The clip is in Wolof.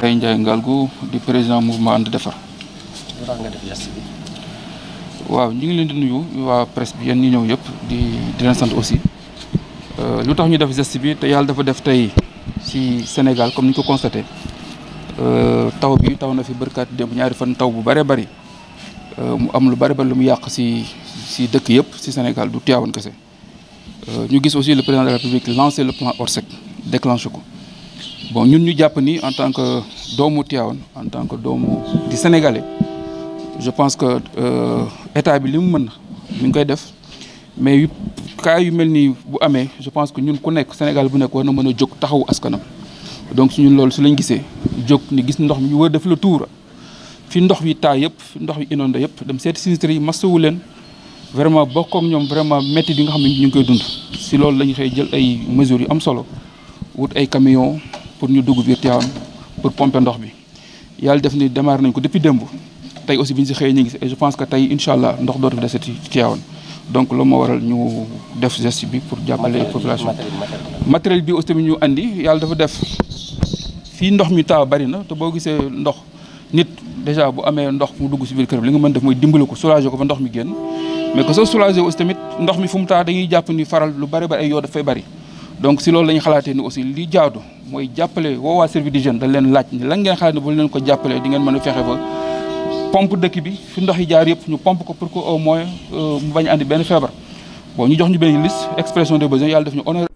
Baye Ndiaye Ngalgou di président mouvement ànd defar. nga waaw ñu ngi leen di nuyu waa presse bi yéen ñi ñëw yëpp di di leen sant aussi euh, lu tax ñu def geste bi te yàlla dafa def tey ci Sénégal comme ni ñu ko constaté euh, taw bi taw na fi bërkaat démb ñaari fan taw bu bëree bëri euh, mu am lu bëri bëri lu mu yàq ci ci dëkk yëpp ci Sénégal du Tivaouane kese ñu gis aussi le président de la République lancer le plan Orsec déclenché ko. bon ñun ñu jàpp ni en tant que doomu Tivaouane en tant que doomu di sénégalais je pense que euh, état bi li mu mën na mi ngi koy def mais ka yu mel nii bu amee je pense que ñun ku nekk Sénégal bu nekk war na mën a jóg taxawu askanam donc suñu loolu su lañ gisee jóg ni gis ndox mi ñu war def le tour fi ndox wi taa yëpp fi ndox wi inondé yëpp dem seeti sinistre yi masawu leen vraiment bokk ak ñoom vraiment métti yi nga xam ne ñu ngi koy dund si loolu la ñu xëy jël ay mesures yu am solo wut ay camions. pour ñu dugg biir Tivaouane pour pomper ndox bi yàlla def ni démarré nañ ko depuis démb tey aussi bi ñu si xëyee ñu ngi si et je pense que tey incha allah ndox dootu fi desati ci Tivaouane donc loolu moo waral ñu def geste bi pour jàppale population matériel bi aussi tamit ñu indi yàlla dafa def fii ndox mi taa bari na te boo gisee ndox nit déjà bu amee ndox mu dugg si biir këram li nga mën def mooy dimbali ko soulager ko ba ndox mi génn mais que soo soulager aussi tamit ndox mi fu mu taa dañuy jàpp ni faral lu bari bari ay yoo bari donc si loolu la ñu xalaatee ni aussi li jaadu mooy jàppale woo waa service du jeune da leen laaj ni lan ngeen xalaat ne bu leen ko jàppalee di ngeen mën a ba pompe dëkk bi fi ndox yi jaar yëpp ñu pomp ko pour que au moins euh, mu bañ a andi benn feebar bon ñu jox ñu benn liste expression de besoin yàlla def ñu honoré